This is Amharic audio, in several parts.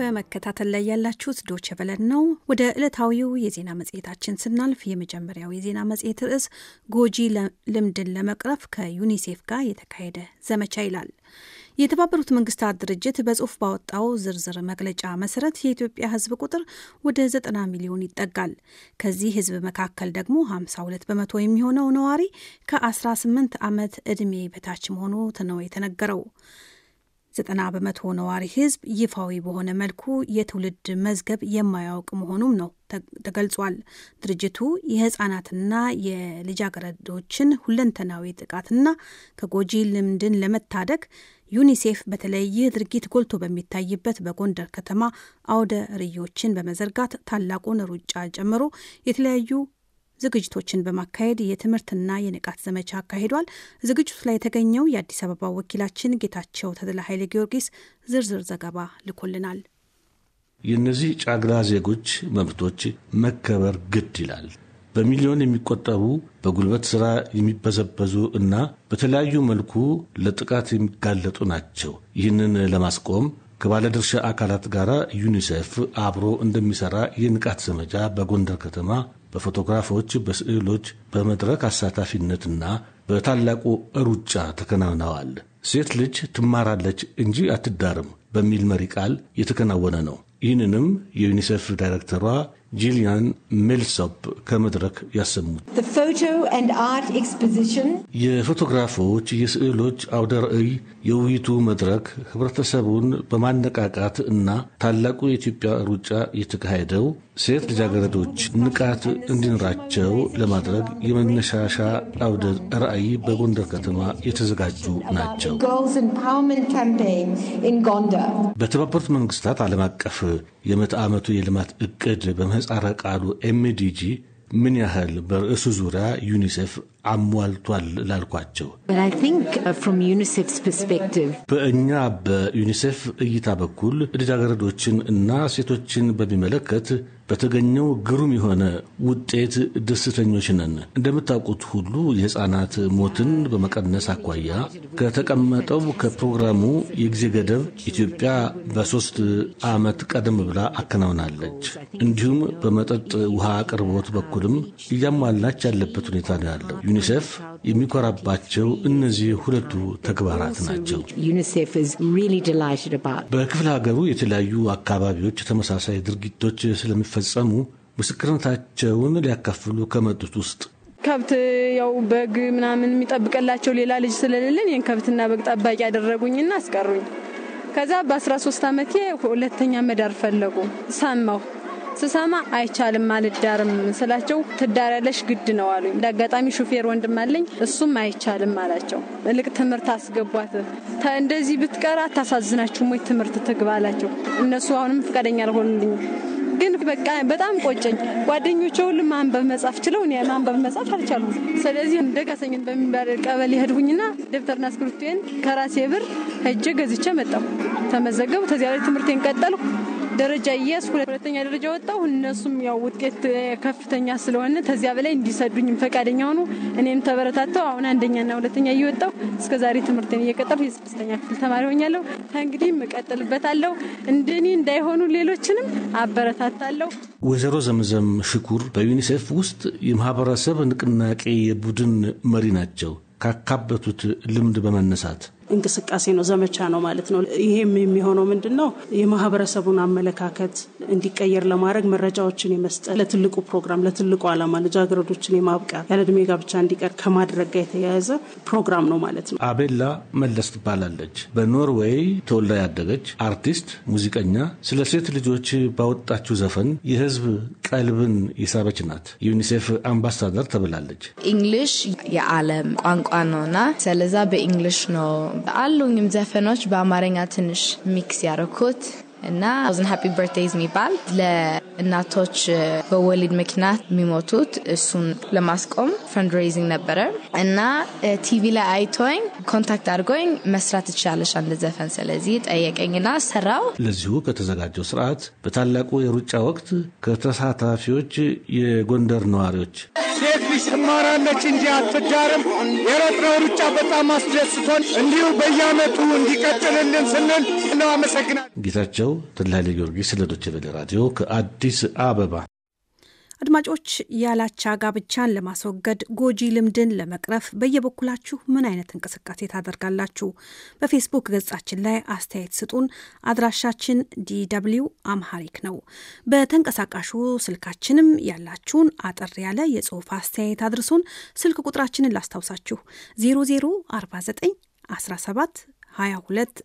በመከታተል ላይ ያላችሁት ዶች በለን ነው። ወደ ዕለታዊው የዜና መጽሔታችን ስናልፍ የመጀመሪያው የዜና መጽሔት ርዕስ ጎጂ ልምድን ለመቅረፍ ከዩኒሴፍ ጋር የተካሄደ ዘመቻ ይላል። የተባበሩት መንግስታት ድርጅት በጽሁፍ ባወጣው ዝርዝር መግለጫ መሰረት የኢትዮጵያ ሕዝብ ቁጥር ወደ 90 ሚሊዮን ይጠጋል። ከዚህ ሕዝብ መካከል ደግሞ 52 በመቶ የሚሆነው ነዋሪ ከ18 ዓመት ዕድሜ በታች መሆኑ ነው የተነገረው። ዘጠና በመቶ ነዋሪ ህዝብ ይፋዊ በሆነ መልኩ የትውልድ መዝገብ የማያውቅ መሆኑም ነው ተገልጿል። ድርጅቱ የህጻናትና የልጃገረዶችን ሁለንተናዊ ጥቃትና ከጎጂ ልምድን ለመታደግ ዩኒሴፍ በተለይ ይህ ድርጊት ጎልቶ በሚታይበት በጎንደር ከተማ አውደ ርዕዮችን በመዘርጋት ታላቁን ሩጫ ጨምሮ የተለያዩ ዝግጅቶችን በማካሄድ የትምህርትና የንቃት ዘመቻ አካሂዷል። ዝግጅቱ ላይ የተገኘው የአዲስ አበባ ወኪላችን ጌታቸው ተድላ ኃይለ ጊዮርጊስ ዝርዝር ዘገባ ልኮልናል። የእነዚህ ጫግላ ዜጎች መብቶች መከበር ግድ ይላል። በሚሊዮን የሚቆጠሩ በጉልበት ሥራ የሚበዘበዙ እና በተለያዩ መልኩ ለጥቃት የሚጋለጡ ናቸው። ይህንን ለማስቆም ከባለድርሻ አካላት ጋር ዩኒሴፍ አብሮ እንደሚሠራ የንቃት ዘመቻ በጎንደር ከተማ በፎቶግራፎች፣ በስዕሎች፣ በመድረክ አሳታፊነትና በታላቁ ሩጫ ተከናውነዋል። ሴት ልጅ ትማራለች እንጂ አትዳርም በሚል መሪ ቃል የተከናወነ ነው። ይህንንም የዩኒሴፍ ዳይሬክተሯ ጂሊያን ሜልሶፕ ከመድረክ ያሰሙት የፎቶግራፎች የስዕሎች አውደ ርዕይ የውይይቱ መድረክ ህብረተሰቡን በማነቃቃት እና ታላቁ የኢትዮጵያ ሩጫ የተካሄደው ሴት ልጃገረዶች ንቃት እንዲኖራቸው ለማድረግ የመነሻሻ አውደ ራዕይ በጎንደር ከተማ የተዘጋጁ ናቸው። በተባበሩት መንግስታት ዓለም አቀፍ የምዕተ ዓመቱ የልማት እቅድ በምህፃረ ቃሉ ኤምዲጂ ምን ያህል በርዕሱ ዙሪያ ዩኒሴፍ አሟልቷል ላልኳቸው፣ uh, በእኛ በዩኒሴፍ እይታ በኩል ልጃገረዶችን እና ሴቶችን በሚመለከት በተገኘው ግሩም የሆነ ውጤት ደስተኞች ነን። እንደምታውቁት ሁሉ የህፃናት ሞትን በመቀነስ አኳያ ከተቀመጠው ከፕሮግራሙ የጊዜ ገደብ ኢትዮጵያ በሶስት ዓመት ቀደም ብላ አከናውናለች። እንዲሁም በመጠጥ ውሃ አቅርቦት በኩልም እያሟላች ያለበት ሁኔታ ነው ያለው። ዩኒሴፍ የሚኮራባቸው እነዚህ ሁለቱ ተግባራት ናቸው። በክፍለ ሀገሩ የተለያዩ አካባቢዎች ተመሳሳይ ድርጊቶች ስለሚፈ እንደፈጸሙ ምስክርነታቸውን ሊያካፍሉ ከመጡት ውስጥ ከብት ያው በግ ምናምን የሚጠብቅላቸው ሌላ ልጅ ስለሌለን ይህን ከብትና በግ ጠባቂ ያደረጉኝና አስቀሩኝ። ከዛ በ13 ዓመቴ ሁለተኛ መዳር ፈለጉ። ሰማሁ። ስሰማ አይቻልም አልዳርም ስላቸው ትዳር ያለሽ ግድ ነው አሉኝ። እንደ አጋጣሚ ሹፌር ወንድም አለኝ እሱም አይቻልም አላቸው። ልቅ ትምህርት አስገቧት እንደዚህ ብትቀር አታሳዝናችሁም ወይ ትምህርት ትግባ አላቸው። እነሱ አሁንም ፍቃደኛ አልሆኑልኝም። ግን በቃ በጣም ቆጨኝ። ጓደኞቼ ሁሉ ማንበብ መጻፍ ችለው እኔ ማንበብ መጻፍ አልቻሉም። ስለዚህ ደጋሰኝን በሚባል ቀበሌ ሄድኩኝና ደብተርና እስክሪብቶን ከራሴ ብር ሄጄ ገዝቼ መጣሁ። ተመዘገቡ። ተዚያ ላይ ትምህርቴን ቀጠልሁ። ደረጃ እየስ ሁለተኛ ደረጃ ወጣው። እነሱም ያው ውጤት ከፍተኛ ስለሆነ ተዚያ በላይ እንዲሰዱኝም ፈቃደኛ ሆኑ። እኔም ተበረታተው አሁን አንደኛና ሁለተኛ እየወጣው እስከዛሬ ትምህርትን እየቀጠልኩ የስድስተኛ ክፍል ተማሪ ሆኛለሁ። ከእንግዲህ እቀጥልበታለሁ። እንደኔ እንዳይሆኑ ሌሎችንም አበረታታለሁ። ወይዘሮ ዘምዘም ሽኩር በዩኒሴፍ ውስጥ የማህበረሰብ ንቅናቄ የቡድን መሪ ናቸው። ካካበቱት ልምድ በመነሳት እንቅስቃሴ ነው፣ ዘመቻ ነው ማለት ነው። ይሄም የሚሆነው ምንድን ነው የማህበረሰቡን አመለካከት እንዲቀየር ለማድረግ መረጃዎችን የመስጠት ለትልቁ ፕሮግራም ለትልቁ ዓላማ ልጃገረዶችን የማብቃት ያለ እድሜ ጋብቻ እንዲቀር ከማድረግ ጋር የተያያዘ ፕሮግራም ነው ማለት ነው። አቤላ መለስ ትባላለች። በኖርዌይ ተወልዳ ያደገች አርቲስት፣ ሙዚቀኛ ስለ ሴት ልጆች ባወጣችው ዘፈን የህዝብ ቀልብን የሳበች ናት። ዩኒሴፍ አምባሳደር ተብላለች። ኢንግሊሽ የዓለም ቋንቋ ነውና ስለዛ በኢንግሊሽ ነው አሉኝም ዘፈኖች በአማርኛ ትንሽ ሚክስ ያደረኩት እና ሀፒ ብርቴይዝ የሚባል እናቶች በወሊድ ምክንያት የሚሞቱት እሱን ለማስቆም ፈንድሬዚንግ ነበረ እና ቲቪ ላይ አይቶኝ ኮንታክት አድርጎኝ መስራት ትችላለሽ አንድ ዘፈን ስለዚህ ጠየቀኝና ሰራው። ለዚሁ ከተዘጋጀው ስርዓት በታላቁ የሩጫ ወቅት ከተሳታፊዎች የጎንደር ነዋሪዎች ሴት ልጅ እንጂ አትዳርም የረጥነው ሩጫ በጣም አስደስቶን እንዲሁ በየአመቱ እንዲቀጥልልን ስንል ነው። አመሰግናል። ጌታቸው ትላሌ ጊዮርጊስ ለዶይቼ ራዲዮ ከአዲስ አዲስ አበባ። አድማጮች ያላቻ ጋብቻን ለማስወገድ ጎጂ ልምድን ለመቅረፍ በየበኩላችሁ ምን አይነት እንቅስቃሴ ታደርጋላችሁ? በፌስቡክ ገጻችን ላይ አስተያየት ስጡን። አድራሻችን ዲw አምሃሪክ ነው። በተንቀሳቃሹ ስልካችንም ያላችሁን አጠር ያለ የጽሁፍ አስተያየት አድርሱን። ስልክ ቁጥራችንን ላስታውሳችሁ 0049 17 22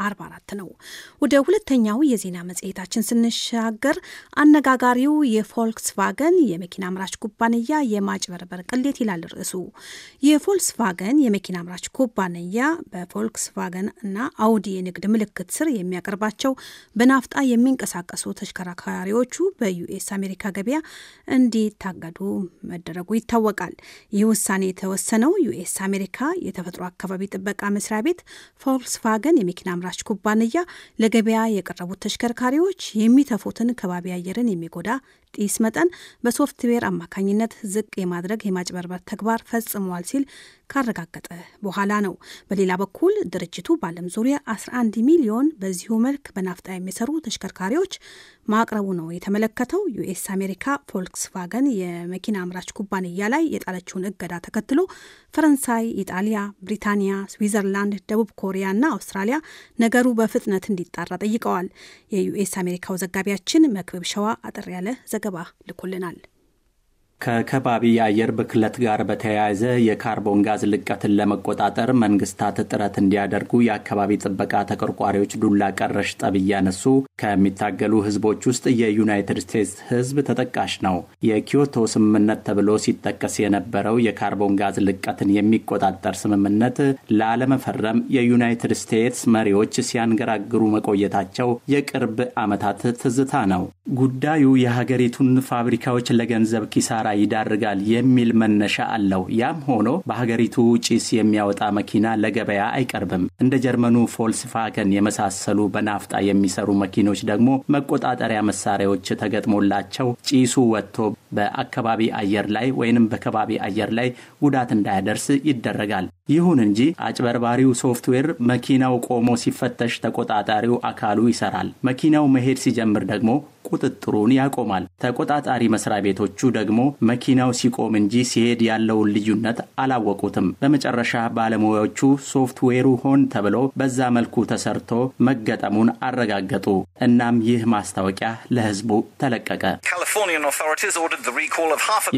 44 ነው። ወደ ሁለተኛው የዜና መጽሔታችን ስንሻገር አነጋጋሪው የፎልክስቫገን የመኪና አምራች ኩባንያ የማጭበርበር ቅሌት ይላል ርዕሱ። የፎልክስቫገን የመኪና አምራች ኩባንያ በፎልክስቫገን እና አውዲ የንግድ ምልክት ስር የሚያቀርባቸው በናፍጣ የሚንቀሳቀሱ ተሽከርካሪዎቹ በዩኤስ አሜሪካ ገበያ እንዲታገዱ መደረጉ ይታወቃል። ይህ ውሳኔ የተወሰነው ዩኤስ አሜሪካ የተፈጥሮ አካባቢ ጥበቃ መስሪያ ቤት ፎልክስቫገን የመኪና አምራች ኩባንያ ለገበያ የቀረቡት ተሽከርካሪዎች የሚተፉትን ከባቢ አየርን የሚጎዳ ጢስ መጠን በሶፍትዌር አማካኝነት ዝቅ የማድረግ የማጭበርበር ተግባር ፈጽመዋል ሲል ካረጋገጠ በኋላ ነው። በሌላ በኩል ድርጅቱ በዓለም ዙሪያ 11 ሚሊዮን በዚሁ መልክ በናፍጣ የሚሰሩ ተሽከርካሪዎች ማቅረቡ ነው የተመለከተው። ዩኤስ አሜሪካ ፎልክስቫገን የመኪና አምራች ኩባንያ ላይ የጣለችውን እገዳ ተከትሎ ፈረንሳይ፣ ኢጣሊያ፣ ብሪታንያ፣ ስዊዘርላንድ፣ ደቡብ ኮሪያ እና አውስትራሊያ ነገሩ በፍጥነት እንዲጣራ ጠይቀዋል። የዩኤስ አሜሪካው ዘጋቢያችን መክብብ ሸዋ አጠር ያለ ዘገባ ልኮልናል። ከከባቢ የአየር ብክለት ጋር በተያያዘ የካርቦን ጋዝ ልቀትን ለመቆጣጠር መንግስታት ጥረት እንዲያደርጉ የአካባቢ ጥበቃ ተቆርቋሪዎች ዱላ ቀረሽ ጠብ እያነሱ ከሚታገሉ ህዝቦች ውስጥ የዩናይትድ ስቴትስ ህዝብ ተጠቃሽ ነው። የኪዮቶ ስምምነት ተብሎ ሲጠቀስ የነበረው የካርቦን ጋዝ ልቀትን የሚቆጣጠር ስምምነት ላለመፈረም የዩናይትድ ስቴትስ መሪዎች ሲያንገራግሩ መቆየታቸው የቅርብ ዓመታት ትዝታ ነው። ጉዳዩ የሀገሪቱን ፋብሪካዎች ለገንዘብ ኪሳራ ይዳርጋል የሚል መነሻ አለው። ያም ሆኖ በሀገሪቱ ጭስ የሚያወጣ መኪና ለገበያ አይቀርብም። እንደ ጀርመኑ ፎልስፋገን የመሳሰሉ በናፍጣ የሚሰሩ መኪኖች ደግሞ መቆጣጠሪያ መሳሪያዎች ተገጥሞላቸው ጭሱ ወጥቶ በአካባቢ አየር ላይ ወይንም በከባቢ አየር ላይ ጉዳት እንዳያደርስ ይደረጋል። ይሁን እንጂ አጭበርባሪው ሶፍትዌር መኪናው ቆሞ ሲፈተሽ ተቆጣጣሪው አካሉ ይሰራል። መኪናው መሄድ ሲጀምር ደግሞ ቁጥጥሩን ያቆማል። ተቆጣጣሪ መስሪያ ቤቶቹ ደግሞ መኪናው ሲቆም እንጂ ሲሄድ ያለውን ልዩነት አላወቁትም። በመጨረሻ ባለሙያዎቹ ሶፍትዌሩ ሆን ተብሎ በዛ መልኩ ተሰርቶ መገጠሙን አረጋገጡ። እናም ይህ ማስታወቂያ ለሕዝቡ ተለቀቀ።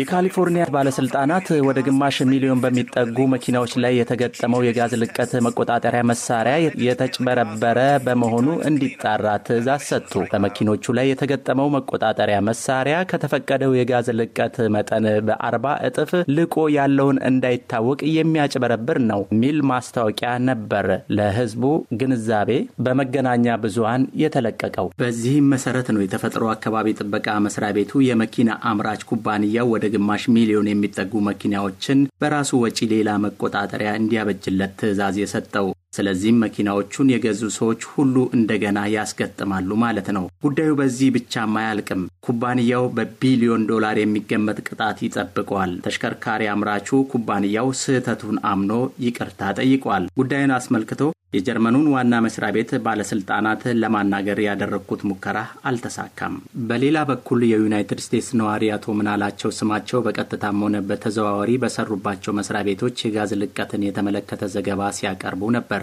የካሊፎርኒያ ባለስልጣናት ወደ ግማሽ ሚሊዮን በሚጠጉ መኪናዎች ላይ የተገጠመው የጋዝ ልቀት መቆጣጠሪያ መሳሪያ የተጭበረበረ በመሆኑ እንዲጣራ ትዕዛዝ ሰጡ። በመኪኖቹ ላይ የተገጠመው መቆጣጠሪያ መሳሪያ ከተፈቀደው የጋዝ ልቀት መጠን በአርባ እጥፍ ልቆ ያለውን እንዳይታወቅ የሚያጭበረብር ነው የሚል ማስታወቂያ ነበር ለህዝቡ ግንዛቤ በመገናኛ ብዙሃን የተለቀቀው። በዚህም መሰረት ነው የተፈጥሮ አካባቢ ጥበቃ መስሪያ ቤት ቤቱ የመኪና አምራች ኩባንያው ወደ ግማሽ ሚሊዮን የሚጠጉ መኪናዎችን በራሱ ወጪ ሌላ መቆጣጠሪያ እንዲያበጅለት ትዕዛዝ የሰጠው ስለዚህም መኪናዎቹን የገዙ ሰዎች ሁሉ እንደገና ያስገጥማሉ ማለት ነው። ጉዳዩ በዚህ ብቻም አያልቅም። ኩባንያው በቢሊዮን ዶላር የሚገመት ቅጣት ይጠብቀዋል። ተሽከርካሪ አምራቹ ኩባንያው ስህተቱን አምኖ ይቅርታ ጠይቋል። ጉዳዩን አስመልክቶ የጀርመኑን ዋና መስሪያ ቤት ባለስልጣናት ለማናገር ያደረግኩት ሙከራ አልተሳካም። በሌላ በኩል የዩናይትድ ስቴትስ ነዋሪ አቶ ምናላቸው ስማቸው በቀጥታም ሆነ በተዘዋዋሪ በሰሩባቸው መስሪያ ቤቶች የጋዝ ልቀትን የተመለከተ ዘገባ ሲያቀርቡ ነበር።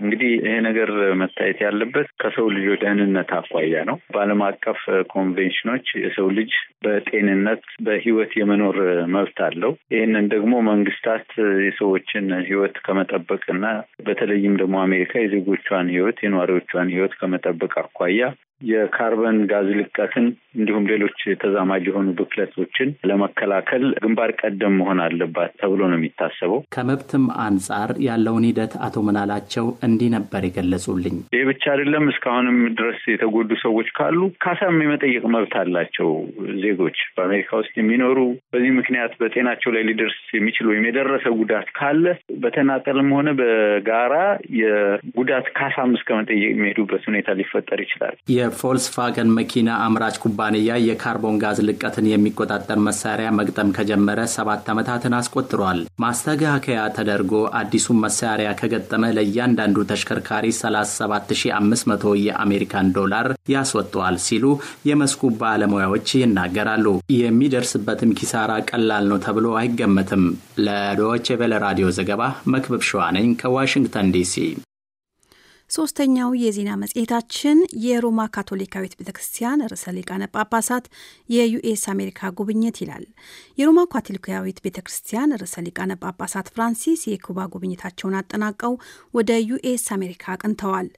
እንግዲህ ይሄ ነገር መታየት ያለበት ከሰው ልጆ ደህንነት አኳያ ነው። በዓለም አቀፍ ኮንቬንሽኖች የሰው ልጅ በጤንነት በህይወት የመኖር መብት አለው። ይህንን ደግሞ መንግስታት የሰዎችን ህይወት ከመጠበቅ በተለይም ደግሞ አሜሪካ የዜጎቿን ህይወት የነዋሪዎቿን ህይወት ከመጠበቅ አኳያ የካርበን ጋዝ ልቀትን እንዲሁም ሌሎች ተዛማጅ የሆኑ ብክለቶችን ለመከላከል ግንባር ቀደም መሆን አለባት ተብሎ ነው የሚታሰበው። ከመብትም አንጻር ያለውን ሂደት አቶ ምናላቸው እንዲ እንዲህ ነበር የገለጹልኝ። ይህ ብቻ አይደለም። እስካሁንም ድረስ የተጎዱ ሰዎች ካሉ ካሳም የመጠየቅ መብት አላቸው። ዜጎች በአሜሪካ ውስጥ የሚኖሩ በዚህ ምክንያት በጤናቸው ላይ ሊደርስ የሚችል ወይም የደረሰ ጉዳት ካለ በተናጠልም ሆነ በጋራ የጉዳት ካሳም እስከ መጠየቅ የሚሄዱበት ሁኔታ ሊፈጠር ይችላል። የፎልስቫገን መኪና አምራች ኩባንያ የካርቦን ጋዝ ልቀትን የሚቆጣጠር መሳሪያ መግጠም ከጀመረ ሰባት ዓመታትን አስቆጥሯል። ማስተካከያ ተደርጎ አዲሱን መሳሪያ ከገጠመ ለእያንዳንዱ ተሽከርካሪ 37500 የአሜሪካን ዶላር ያስወጠዋል ሲሉ የመስኩ ባለሙያዎች ይናገራሉ። የሚደርስበትም ኪሳራ ቀላል ነው ተብሎ አይገመትም። ለዶይቼ ቬለ ራዲዮ ዘገባ መክበብ ሸዋነኝ ከዋሽንግተን ዲሲ ሶስተኛው የዜና መጽሔታችን የሮማ ካቶሊካዊት ቤተክርስቲያን ርዕሰ ሊቃነ ጳጳሳት የዩኤስ አሜሪካ ጉብኝት ይላል። የሮማ ካቶሊካዊት ቤተክርስቲያን ርዕሰ ሊቃነ ጳጳሳት ፍራንሲስ የኩባ ጉብኝታቸውን አጠናቀው ወደ ዩኤስ አሜሪካ አቅንተዋል።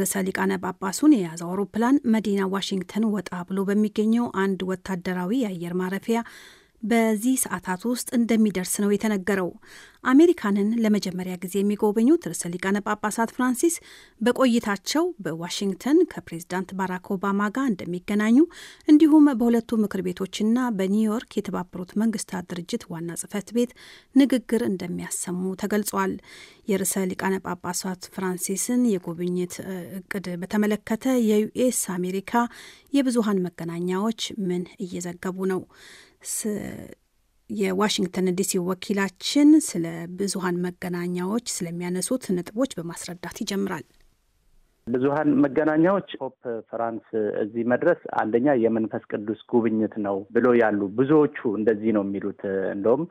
ርዕሰ ሊቃነ ጳጳሱን የያዘው አውሮፕላን መዲና ዋሽንግተን ወጣ ብሎ በሚገኘው አንድ ወታደራዊ የአየር ማረፊያ በዚህ ሰዓታት ውስጥ እንደሚደርስ ነው የተነገረው። አሜሪካንን ለመጀመሪያ ጊዜ የሚጎበኙት ርዕሰ ሊቃነ ጳጳሳት ፍራንሲስ በቆይታቸው በዋሽንግተን ከፕሬዝዳንት ባራክ ኦባማ ጋር እንደሚገናኙ እንዲሁም በሁለቱ ምክር ቤቶችና በኒውዮርክ የተባበሩት መንግስታት ድርጅት ዋና ጽህፈት ቤት ንግግር እንደሚያሰሙ ተገልጿል። የርዕሰ ሊቃነ ጳጳሳት ፍራንሲስን የጉብኝት እቅድ በተመለከተ የዩኤስ አሜሪካ የብዙሀን መገናኛዎች ምን እየዘገቡ ነው? የዋሽንግተን ዲሲ ወኪላችን ስለ ብዙሀን መገናኛዎች ስለሚያነሱት ነጥቦች በማስረዳት ይጀምራል። ብዙሀን መገናኛዎች ፖፕ ፍራንስ እዚህ መድረስ አንደኛ የመንፈስ ቅዱስ ጉብኝት ነው ብሎ ያሉ ብዙዎቹ እንደዚህ ነው የሚሉት እንደውም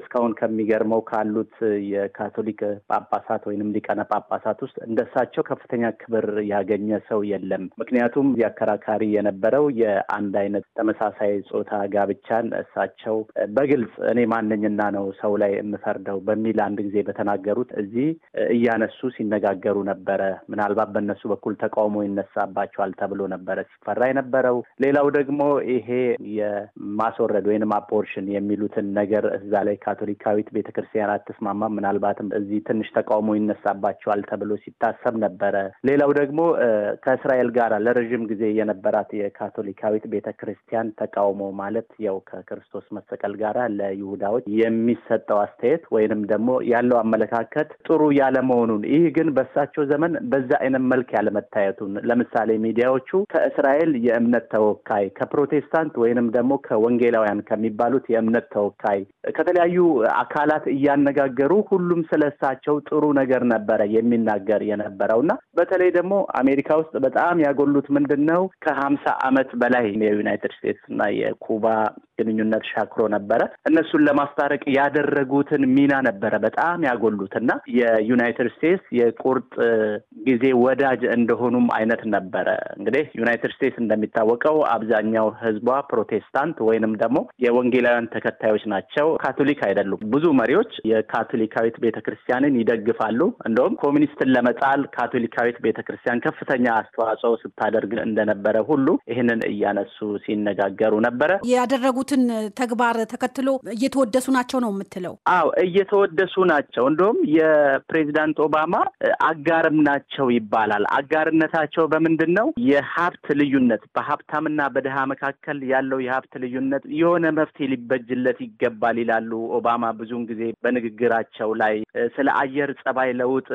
እስካሁን ከሚገርመው ካሉት የካቶሊክ ጳጳሳት ወይንም ሊቀነ ጳጳሳት ውስጥ እንደሳቸው ከፍተኛ ክብር ያገኘ ሰው የለም። ምክንያቱም የአከራካሪ የነበረው የአንድ አይነት ተመሳሳይ ጾታ ጋብቻን እሳቸው በግልጽ እኔ ማንኝና ነው ሰው ላይ የምፈርደው በሚል አንድ ጊዜ በተናገሩት እዚህ እያነሱ ሲነጋገሩ ነበረ። ምናልባት በእነሱ በኩል ተቃውሞ ይነሳባቸዋል ተብሎ ነበረ ሲፈራ የነበረው። ሌላው ደግሞ ይሄ የማስወረድ ወይንም አፖርሽን የሚሉትን ነገር እዛ ላይ ካቶሊካዊት ቤተ ክርስቲያን አትስማማም፣ ምናልባትም እዚህ ትንሽ ተቃውሞ ይነሳባቸዋል ተብሎ ሲታሰብ ነበረ። ሌላው ደግሞ ከእስራኤል ጋር ለረዥም ጊዜ የነበራት የካቶሊካዊት ቤተ ክርስቲያን ተቃውሞ ማለት ያው ከክርስቶስ መሰቀል ጋር ለይሁዳዎች የሚሰጠው አስተያየት ወይንም ደግሞ ያለው አመለካከት ጥሩ ያለመሆኑን ይህ ግን በሳቸው ዘመን በዛ አይነት መልክ ያለመታየቱን ለምሳሌ ሚዲያዎቹ ከእስራኤል የእምነት ተወካይ ከፕሮቴስታንት ወይንም ደግሞ ከወንጌላውያን ከሚባሉት የእምነት ተወካይ ከተለያዩ የተለያዩ አካላት እያነጋገሩ ሁሉም ስለሳቸው ጥሩ ነገር ነበረ የሚናገር የነበረው እና በተለይ ደግሞ አሜሪካ ውስጥ በጣም ያጎሉት ምንድን ነው ከሀምሳ አመት በላይ የዩናይትድ ስቴትስ እና የኩባ ግንኙነት ሻክሮ ነበረ። እነሱን ለማስታረቅ ያደረጉትን ሚና ነበረ በጣም ያጎሉት እና የዩናይትድ ስቴትስ የቁርጥ ጊዜ ወዳጅ እንደሆኑም አይነት ነበረ። እንግዲህ ዩናይትድ ስቴትስ እንደሚታወቀው አብዛኛው ሕዝቧ ፕሮቴስታንት ወይንም ደግሞ የወንጌላውያን ተከታዮች ናቸው፣ ካቶሊክ አይደሉም። ብዙ መሪዎች የካቶሊካዊት ቤተ ክርስቲያንን ይደግፋሉ። እንደውም ኮሚኒስትን ለመጣል ካቶሊካዊት ቤተ ክርስቲያን ከፍተኛ አስተዋጽኦ ስታደርግ እንደነበረ ሁሉ ይህንን እያነሱ ሲነጋገሩ ነበረ ያደረጉት ያደረጉትን ተግባር ተከትሎ እየተወደሱ ናቸው ነው የምትለው? አዎ እየተወደሱ ናቸው። እንዲሁም የፕሬዚዳንት ኦባማ አጋርም ናቸው ይባላል። አጋርነታቸው በምንድን ነው? የሀብት ልዩነት በሀብታምና በድሃ መካከል ያለው የሀብት ልዩነት የሆነ መፍትሄ ሊበጅለት ይገባል ይላሉ ኦባማ ብዙውን ጊዜ በንግግራቸው ላይ ስለ አየር ጸባይ ለውጥ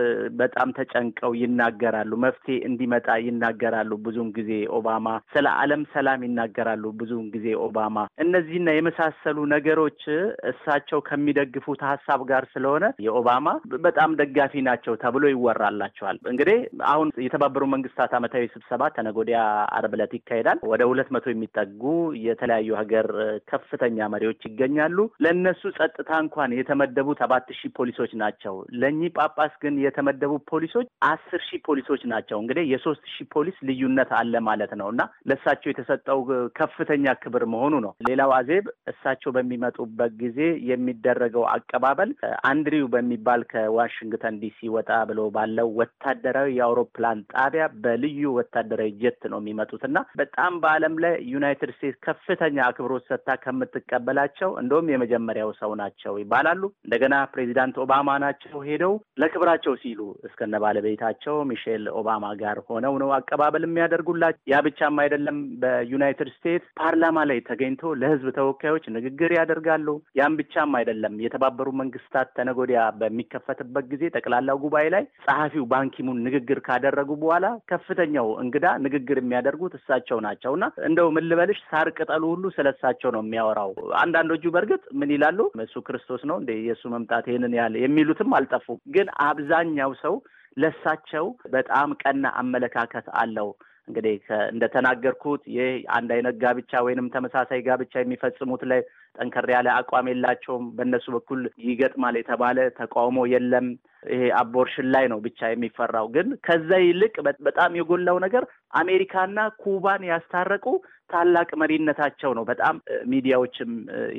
በጣም ተጨንቀው ይናገራሉ። መፍትሄ እንዲመጣ ይናገራሉ። ብዙውን ጊዜ ኦባማ ስለ ዓለም ሰላም ይናገራሉ። ብዙውን ጊዜ ኦባማ እነ እነዚህና የመሳሰሉ ነገሮች እሳቸው ከሚደግፉት ሀሳብ ጋር ስለሆነ የኦባማ በጣም ደጋፊ ናቸው ተብሎ ይወራላቸዋል። እንግዲህ አሁን የተባበሩ መንግስታት ዓመታዊ ስብሰባ ተነጎዲያ አርብ ዕለት ይካሄዳል። ወደ ሁለት መቶ የሚጠጉ የተለያዩ ሀገር ከፍተኛ መሪዎች ይገኛሉ። ለእነሱ ጸጥታ እንኳን የተመደቡ ሰባት ሺህ ፖሊሶች ናቸው። ለእኚህ ጳጳስ ግን የተመደቡ ፖሊሶች አስር ሺህ ፖሊሶች ናቸው። እንግዲህ የሶስት ሺህ ፖሊስ ልዩነት አለ ማለት ነው እና ለእሳቸው የተሰጠው ከፍተኛ ክብር መሆኑ ነው። ሌላው አዜብ እሳቸው በሚመጡበት ጊዜ የሚደረገው አቀባበል አንድሪው በሚባል ከዋሽንግተን ዲሲ ወጣ ብሎ ባለው ወታደራዊ የአውሮፕላን ጣቢያ በልዩ ወታደራዊ ጀት ነው የሚመጡት እና በጣም በዓለም ላይ ዩናይትድ ስቴትስ ከፍተኛ አክብሮት ሰጥታ ከምትቀበላቸው እንደውም የመጀመሪያው ሰው ናቸው ይባላሉ። እንደገና ፕሬዚዳንት ኦባማ ናቸው ሄደው ለክብራቸው ሲሉ እስከነ ባለቤታቸው ሚሼል ኦባማ ጋር ሆነው ነው አቀባበል የሚያደርጉላቸው። ያ ብቻም አይደለም። በዩናይትድ ስቴትስ ፓርላማ ላይ ተገኝቶ ለህዝብ የህዝብ ተወካዮች ንግግር ያደርጋሉ። ያም ብቻም አይደለም። የተባበሩ መንግስታት ተነጎዲያ በሚከፈትበት ጊዜ ጠቅላላው ጉባኤ ላይ ጸሐፊው ባንኪሙን ንግግር ካደረጉ በኋላ ከፍተኛው እንግዳ ንግግር የሚያደርጉት እሳቸው ናቸው እና እንደው ምን ልበልሽ ሳር ቅጠሉ ሁሉ ስለ እሳቸው ነው የሚያወራው። አንዳንዶቹ በእርግጥ ምን ይላሉ እሱ ክርስቶስ ነው እንደ የእሱ መምጣት ይህንን ያለ የሚሉትም አልጠፉም። ግን አብዛኛው ሰው ለሳቸው በጣም ቀና አመለካከት አለው። እንግዲህ እንደተናገርኩት ይህ አንድ አይነት ጋብቻ ወይንም ተመሳሳይ ጋብቻ የሚፈጽሙት ላይ ጠንከር ያለ አቋም የላቸውም። በእነሱ በኩል ይገጥማል የተባለ ተቃውሞ የለም። ይሄ አቦርሽን ላይ ነው ብቻ የሚፈራው። ግን ከዛ ይልቅ በጣም የጎላው ነገር አሜሪካና ኩባን ያስታረቁ ታላቅ መሪነታቸው ነው። በጣም ሚዲያዎችም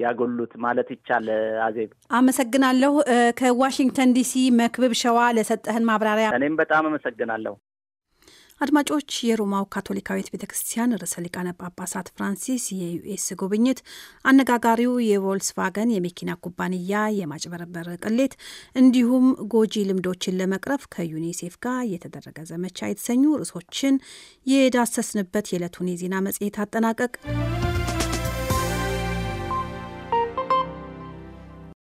ያጎሉት ማለት ይቻል። አዜብ አመሰግናለሁ። ከዋሽንግተን ዲሲ መክብብ ሸዋ ለሰጠህን ማብራሪያ እኔም በጣም አመሰግናለሁ። አድማጮች፣ የሮማው ካቶሊካዊት ቤተ ክርስቲያን ርዕሰ ሊቃነ ጳጳሳት ፍራንሲስ የዩኤስ ጉብኝት አነጋጋሪው የቮልስቫገን የመኪና ኩባንያ የማጭበረበር ቅሌት እንዲሁም ጎጂ ልምዶችን ለመቅረፍ ከዩኒሴፍ ጋር የተደረገ ዘመቻ የተሰኙ ርዕሶችን የዳሰስንበት የዕለቱን የዜና መጽሔት አጠናቀቅ